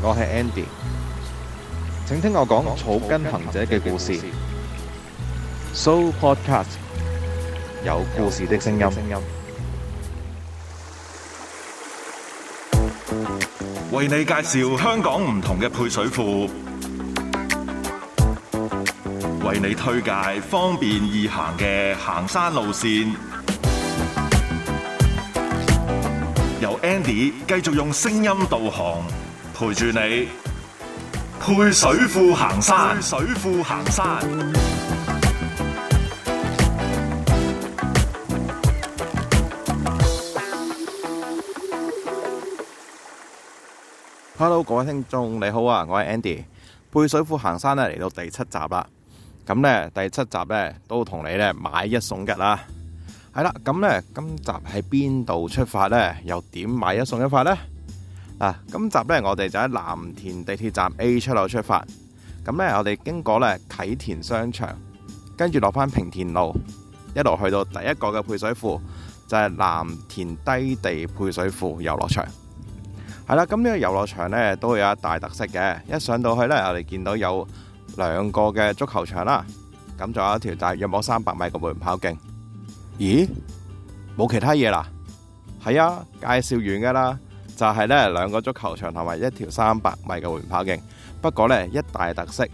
我係 Andy，請聽我講草根行者嘅故事。So Podcast 有故事的聲音，聲音為你介紹香港唔同嘅配水庫，為你推介方便易行嘅行山路線。由 Andy 繼續用聲音導航。陪住你，配水庫行山。配水庫行山。Hello，各位聽眾，你好啊，我係 Andy。配水庫行山咧，嚟到第七集啦。咁咧，第七集咧都同你咧買，買一送一啦。係啦，咁咧，今集喺邊度出發咧？又點買一送一法咧？今集咧，我哋就喺藍田地鐵站 A 出口出發。咁咧，我哋經過咧啟田商場，跟住落返平田路，一路去到第一個嘅配水庫，就係藍田低地配水庫遊樂場。係啦，咁呢個遊樂場咧，都會有一大特色嘅。一上到去咧，我哋見到有兩個嘅足球場啦，咁仲有一條大約莫三百米嘅慢跑徑。咦，冇其他嘢啦？係啊，介紹完噶啦。就係咧兩個足球場同埋一條三百米嘅緩跑徑。不過呢，一大特色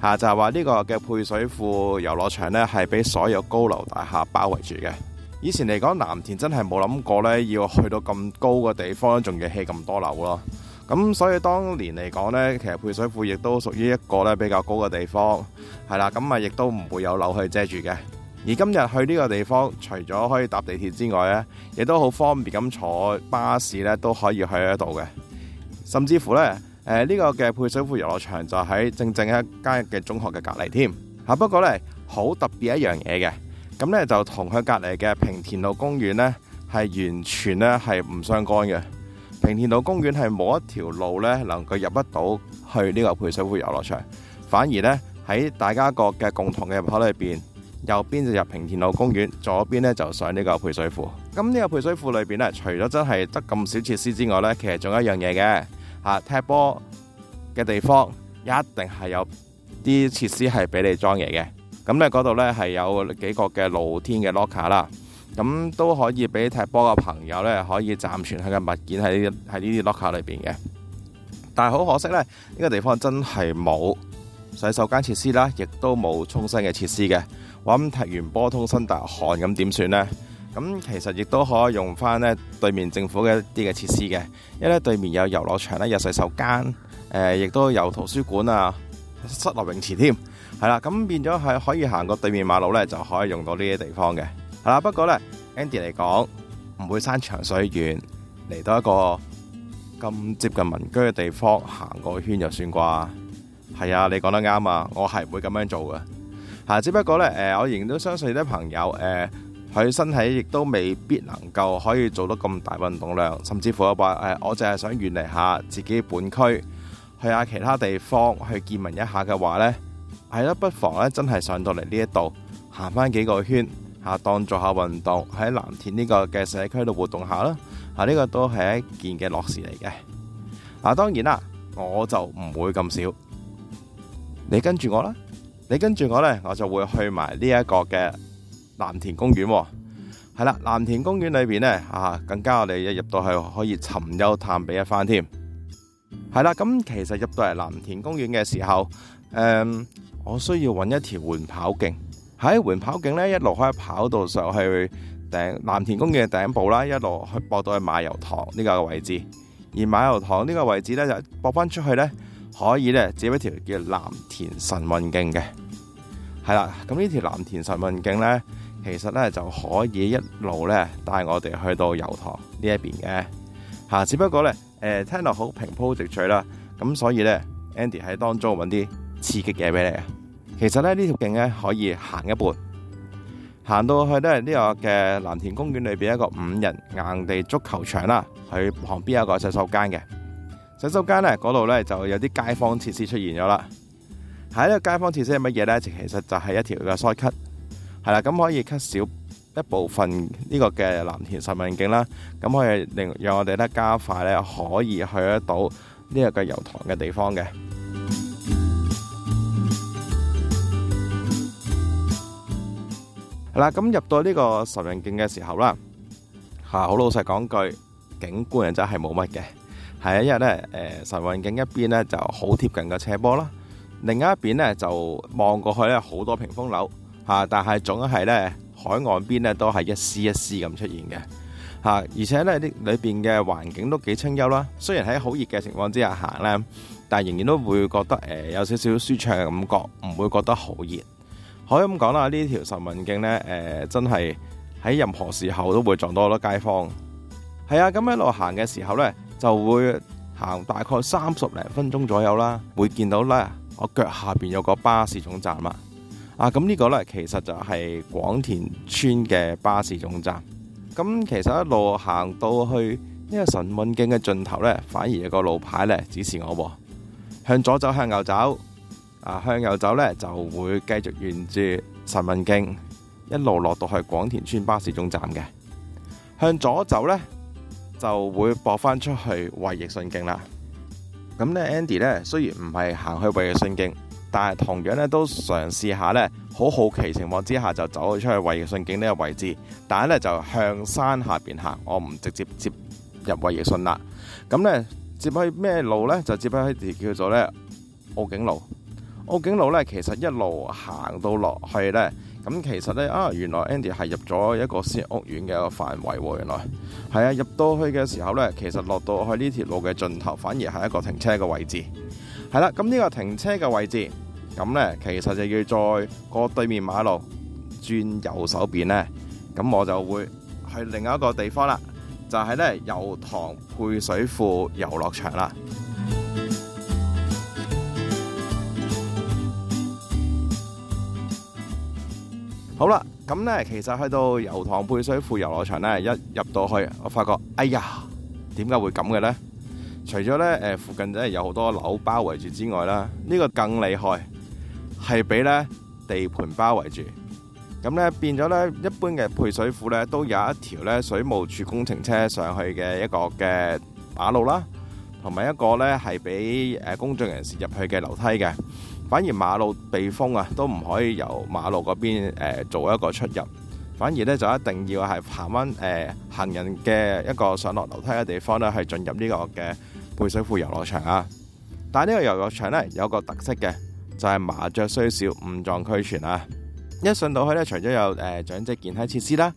吓就係話呢個嘅配水庫遊樂場咧係俾所有高樓大廈包圍住嘅。以前嚟講，藍田真係冇諗過咧要去到咁高嘅地方，仲要起咁多樓咯。咁所以當年嚟講呢，其實配水庫亦都屬於一個咧比較高嘅地方係啦，咁啊亦都唔會有樓去遮住嘅。而今日去呢個地方，除咗可以搭地鐵之外呢，亦都好方便咁坐巴士呢都可以去得到嘅。甚至乎呢，誒、呃、呢、呢個嘅配水庫遊樂場就喺正正一間嘅中學嘅隔離添嚇。不過呢，好特別一樣嘢嘅咁呢，就同佢隔離嘅平田路公園呢係完全呢係唔相關嘅。平田路公園係冇一條路呢能夠入得到去呢個配水庫遊樂場，反而呢，喺大家各嘅共同嘅入口裏邊。右邊就入平田路公園，左邊咧就上呢個配水庫。咁呢個配水庫裏邊咧，除咗真係得咁少設施之外咧，其實仲有一樣嘢嘅吓，踢波嘅地方一定係有啲設施係俾你裝嘢嘅。咁咧，嗰度咧係有幾個嘅露天嘅 locker 啦，咁都可以俾踢波嘅朋友咧可以暫存佢嘅物件喺喺呢啲 locker 裏邊嘅。但係好可惜咧，呢個地方真係冇洗手間設施啦，亦都冇沖身嘅設施嘅。搵，踢完波通身大汗咁點算呢？咁其實亦都可以用翻呢對面政府嘅一啲嘅設施嘅，因為咧對面有遊樂場咧，有洗手間，誒，亦都有圖書館啊，室內泳池添，係啦，咁變咗係可以行過對面馬路呢，就可以用到呢啲地方嘅，係啦。不過呢 Andy 嚟講唔會山長水遠嚟到一個咁接近民居嘅地方行個圈就算啩？係啊，你講得啱啊，我係唔會咁樣做嘅。嗱，只不過咧，誒，我仍然都相信啲朋友，誒、呃，佢身體亦都未必能夠可以做得咁大運動量，甚至乎我話，誒，我淨係想遠離下自己本區，去下其他地方去見聞一下嘅話呢，係啦，不妨咧，真係上到嚟呢一度，行翻幾個圈，下當做下運動，喺藍田呢個嘅社區度活動下啦，吓、啊、呢、呢個都係一件嘅樂事嚟嘅。嗱、啊，當然啦，我就唔會咁少，你跟住我啦。你跟住我呢，我就會去埋呢一個嘅藍田公園。係啦，藍田公園裏邊呢，啊，更加我哋一入到去可以尋幽探秘一番添。係、嗯、啦，咁其實入到嚟藍田公園嘅時候，誒、嗯，我需要搵一條緩跑徑。喺緩跑徑呢，一路可以跑到上去頂藍田公園嘅頂部啦，一路去駁到去馬油塘呢個位置。而馬油塘呢個位置呢，就駁翻出去呢，可以呢，接一條叫藍田神運徑嘅。係啦，咁呢條藍田石問徑咧，其實咧就可以一路咧帶我哋去到油塘呢一邊嘅吓，只不過咧誒、呃、聽落好平鋪直敘啦，咁所以咧 Andy 喺當中揾啲刺激嘅嘢俾你啊。其實咧呢條徑咧可以行一半，行到去都係呢個嘅藍田公園裏邊一個五人硬地足球場啦，佢旁邊有個洗手間嘅洗手間咧，嗰度咧就有啲街坊設施出現咗啦。喺呢個街坊設施係乜嘢咧？就其實就係一條嘅 shortcut，係啦，咁可以 cut 少一部分呢個嘅藍田晨運徑啦。咁可以令讓我哋咧加快咧，可以去得到呢個嘅油塘嘅地方嘅。係啦，咁入到呢個晨運徑嘅時候啦，吓好老實講句，景觀真係冇乜嘅。係因為咧，誒晨運徑一邊咧就好貼近個斜坡啦。另一邊咧，就望過去咧，好多屏風樓嚇，但係總係咧海岸邊咧都係一絲一絲咁出現嘅嚇，而且咧啲裏邊嘅環境都幾清幽啦。雖然喺好熱嘅情況之下行咧，但仍然都會覺得誒、呃、有少少舒暢嘅感覺，唔會覺得好熱。可以咁講啦，呢條神文徑咧誒真係喺任何時候都會撞到好多街坊。係啊，咁一路行嘅時候咧，就會行大概三十零分鐘左右啦，會見到咧。我腳下邊有個巴士總站啊，咁、啊、呢個呢，其實就係廣田村嘅巴士總站。咁其實一路行到去呢個晨運徑嘅盡頭呢，反而有個路牌呢指示我、啊，向左走向右走，啊，向右走呢就會繼續沿住晨運徑一路落到去廣田村巴士總站嘅。向左走呢，就會駁返出去衛奕信徑啦。咁咧 Andy 咧，雖然唔係行去衛奕信徑，但係同樣咧都嘗試下咧，好好奇情況之下就走咗出去衛奕信徑呢個位置，但係咧就向山下邊行，我唔直接接入衛奕信啦。咁咧接去咩路咧？就接去條叫做咧澳景路。澳景路咧其實一路行到落去咧。咁其實呢，啊，原來 Andy 係入咗一個私人屋苑嘅一個範圍喎，啊。原來係啊，入到去嘅時候呢，其實落到去呢條路嘅盡頭，反而係一個停車嘅位置。係啦，咁呢個停車嘅位置，咁呢其實就要再過對面馬路轉右手邊呢，咁我就會去另一個地方啦，就係、係、呢油塘配水庫遊樂場啦。好啦，咁咧，其實去到油塘配水庫遊樂場咧，一入到去，我發覺，哎呀，點解會咁嘅咧？除咗咧，誒，附近真係有好多樓包圍住之外啦，呢個更厲害，係俾咧地盤包圍住。咁咧變咗咧，一般嘅配水庫咧都有一條咧水務署工程車上去嘅一個嘅馬路啦，同埋一個咧係俾誒公眾人士入去嘅樓梯嘅。反而馬路被封啊，都唔可以由馬路嗰邊、呃、做一個出入，反而咧就一定要係行翻誒行人嘅一個上落樓梯嘅地方咧，去進入呢個嘅背水庫遊樂場啊。但係呢個遊樂場咧有一個特色嘅，就係麻雀雖小，五臟俱全啊！一上到去咧，除咗有誒、呃、長者健體設施啦、啊，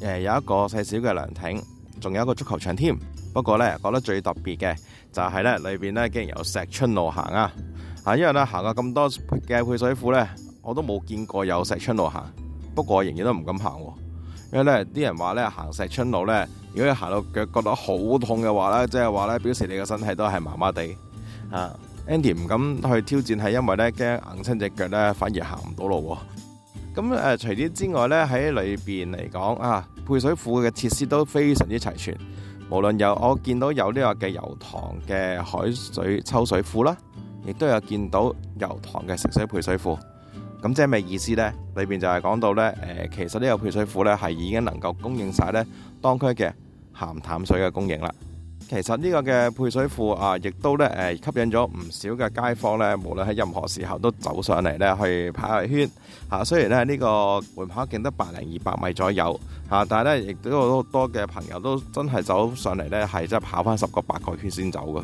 誒、呃、有一個細小嘅涼亭，仲有一個足球場添、啊。不過咧，覺得最特別嘅就係咧，裏邊咧竟然有石春路行啊！因為咧行過咁多嘅配水庫咧，我都冇見過有石春路行。不過我仍然都唔敢行、哦，因為咧啲人話咧行石春路咧，如果你行到腳覺得好痛嘅話咧，即係話咧表示你嘅身體都係麻麻地啊。Andy 唔敢去挑戰係因為咧驚硬親隻腳咧，反而行唔到路咯。咁誒、呃，除咗之外咧，喺裏邊嚟講啊，配水庫嘅設施都非常之齊全，無論有我見到有呢個嘅油塘嘅海水抽水庫啦。亦都有見到油塘嘅食水配水庫，咁即係咩意思呢？裏邊就係講到呢。誒，其實呢個配水庫呢，係已經能夠供應晒呢當區嘅鹹淡水嘅供應啦。其實呢個嘅配水庫啊，亦都呢誒吸引咗唔少嘅街坊呢，無論喺任何時候都走上嚟呢去跑一圈嚇。雖然呢，呢個門口見得百零二百米左右嚇，但係呢，亦都好多嘅朋友都真係走上嚟呢，係即係跑翻十個八個圈先走嘅。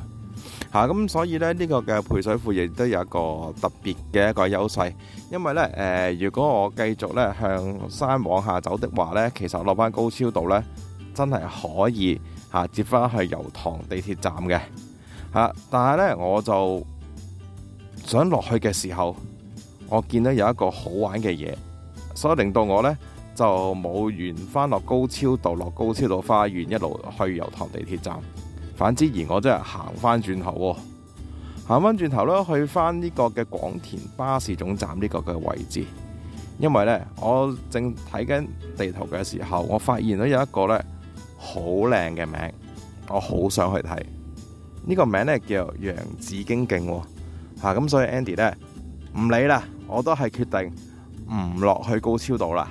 吓咁，啊、所以咧呢，這個嘅配水庫亦都有一個特別嘅一個優勢，因為呢，誒、呃，如果我繼續呢向山往下走的話呢，其實落返高超道呢，真係可以吓，啊、接返去油塘地鐵站嘅，吓，啊。但係呢，我就想落去嘅時候，我見到有一個好玩嘅嘢，所以令到我呢，就冇完返落高超道，落高超道花園一路去油塘地鐵站。反之，而我真係行翻轉頭，行翻轉頭啦，去翻呢個嘅廣田巴士總站呢個嘅位置，因為呢，我正睇緊地圖嘅時候，我發現咗有一個呢好靚嘅名，我好想去睇。呢個名呢叫楊紫荊徑，吓咁所以 Andy 呢，唔理啦，我都係決定唔落去高超道啦，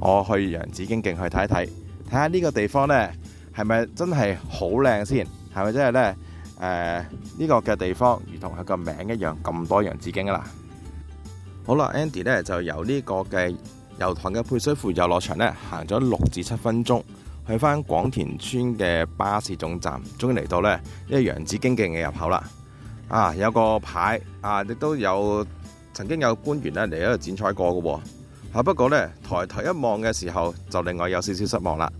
我去楊紫荊徑去睇睇，睇下呢個地方呢。係咪真係好靚先？係咪真係呢？誒、呃、呢、這個嘅地方，如同佢個名字一樣，咁多洋紫荊噶啦。好啦，Andy 呢就由呢個嘅油塘嘅配水庫遊樂場呢行咗六至七分鐘，去翻廣田村嘅巴士總站，終於嚟到呢，呢、這個洋紫荊徑嘅入口啦。啊，有個牌啊，亦都有曾經有官員咧嚟喺度剪彩過噶喎。不過呢，抬頭一望嘅時候，就另外有少少失望啦。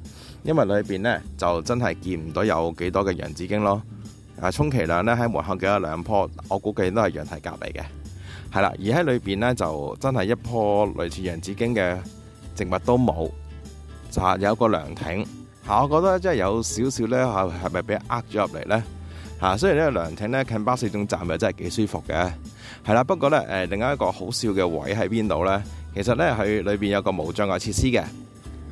因為裏邊咧就真係見唔到有幾多嘅洋紫荊咯，啊，充其量咧喺門口見到兩棵，我估計都係陽台隔籬嘅，係啦。而喺裏邊咧就真係一棵類似洋紫荊嘅植物都冇，就有個涼亭。吓，我覺得即係有少少咧吓，係咪俾人呃咗入嚟咧？吓、啊，雖然個涼呢個涼亭咧近巴士總站又真係幾舒服嘅，係啦。不過咧誒、呃，另外一個好笑嘅位喺邊度咧？其實咧佢裏邊有個無障礙設施嘅。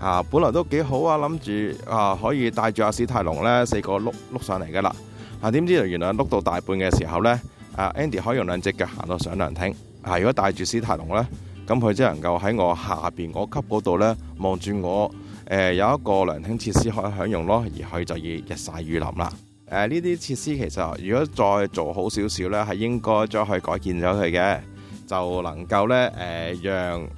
啊，本來都幾好啊，諗住啊可以帶住阿史泰龍呢四個碌碌上嚟噶啦。啊，點知原來碌到大半嘅時候呢啊 Andy 可以用兩隻腳行到上涼亭。啊，如果帶住史泰龍呢，咁佢只能夠喺我下邊嗰級嗰度呢望住我誒、呃、有一個涼亭設施可以享用咯，而佢就要日曬雨淋啦。誒，呢啲設施其實如果再做好少少呢，係應該再去改建咗佢嘅，就能夠呢。誒、呃、讓。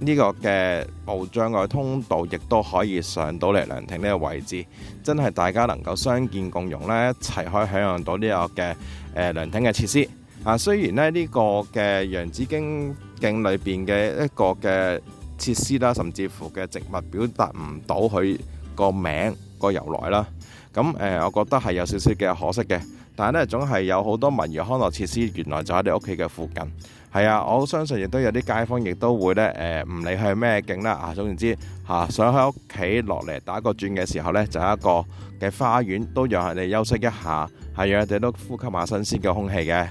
呢個嘅無障礙通道，亦都可以上到嚟涼亭呢個位置，真係大家能夠相見共融咧，一齊可以享用到呢個嘅誒涼亭嘅設施。啊，雖然咧呢、這個嘅楊子經徑裏邊嘅一個嘅設施啦，甚至乎嘅植物表達唔到佢個名個由來啦，咁誒、呃，我覺得係有少少嘅可惜嘅。但係咧，總係有好多文娛康樂設施，原來就喺你屋企嘅附近。係啊，我相信亦都有啲街坊，亦都會咧，誒、呃，唔理係咩景啦啊，總之吓、啊、想喺屋企落嚟打個轉嘅時候咧，就係一個嘅花園，都讓人哋休息一下，係讓你都呼吸下新鮮嘅空氣嘅。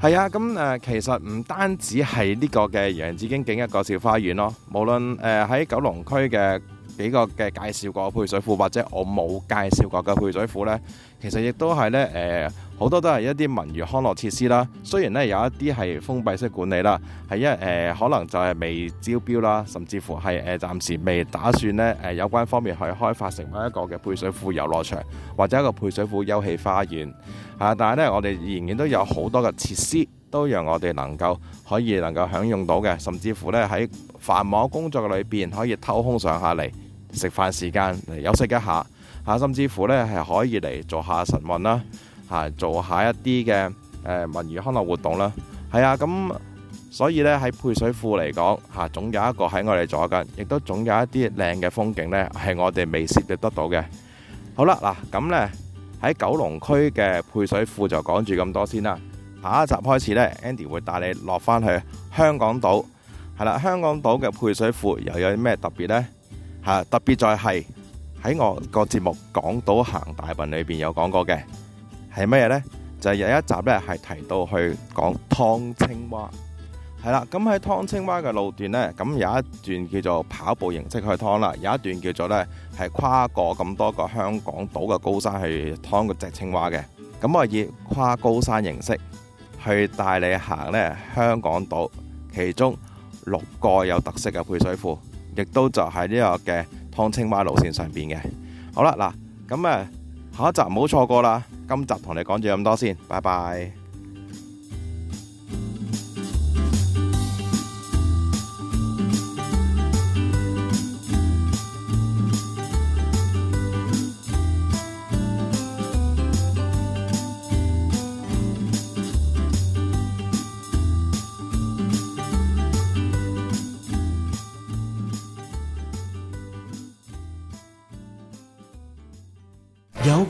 係 啊，咁誒、呃，其實唔單止係呢個嘅楊子敬景一個小花園咯，無論誒喺九龍區嘅。幾個嘅介紹過配水庫，或者我冇介紹過嘅配水庫呢，其實亦都係呢，呃、好多都係一啲民娛康樂設施啦。雖然呢有一啲係封閉式管理啦，係一、呃、可能就係未招標啦，甚至乎係誒暫時未打算呢、呃、有關方面去開發成為一個嘅配水庫遊樂場，或者一個配水庫休憩花園、啊、但係呢，我哋仍然都有好多嘅設施，都讓我哋能夠可以能夠享用到嘅，甚至乎呢喺繁忙工作嘅裏面可以偷空上下嚟。食飯時間嚟休息一下，嚇，甚至乎呢係可以嚟做下晨運啦，嚇，做下一啲嘅誒文娛康樂活動啦。係啊，咁所以呢，喺配水庫嚟講嚇，總有一個喺我哋左近，亦都總有一啲靚嘅風景呢，係我哋未涉及得到嘅。好啦，嗱咁呢，喺九龍區嘅配水庫就講住咁多先啦。下一集開始呢，Andy 會帶你落返去香港島。係啦。香港島嘅配水庫又有啲咩特別呢？嚇！特別是在係喺我個節目《港島行大運》裏邊有講過嘅係咩嘢呢？就係、是、有一集呢，係提到去講湯青蛙，係啦。咁喺湯青蛙嘅路段呢，咁有一段叫做跑步形式去湯啦，有一段叫做呢，係跨過咁多個香港島嘅高山去湯個隻青蛙嘅。咁我以跨高山形式去帶你行呢香港島其中六個有特色嘅配水庫。亦都就喺呢個嘅湯青蛙路線上面嘅。好啦，嗱，咁誒下一集唔好錯過啦。今集同你講住咁多先，拜拜。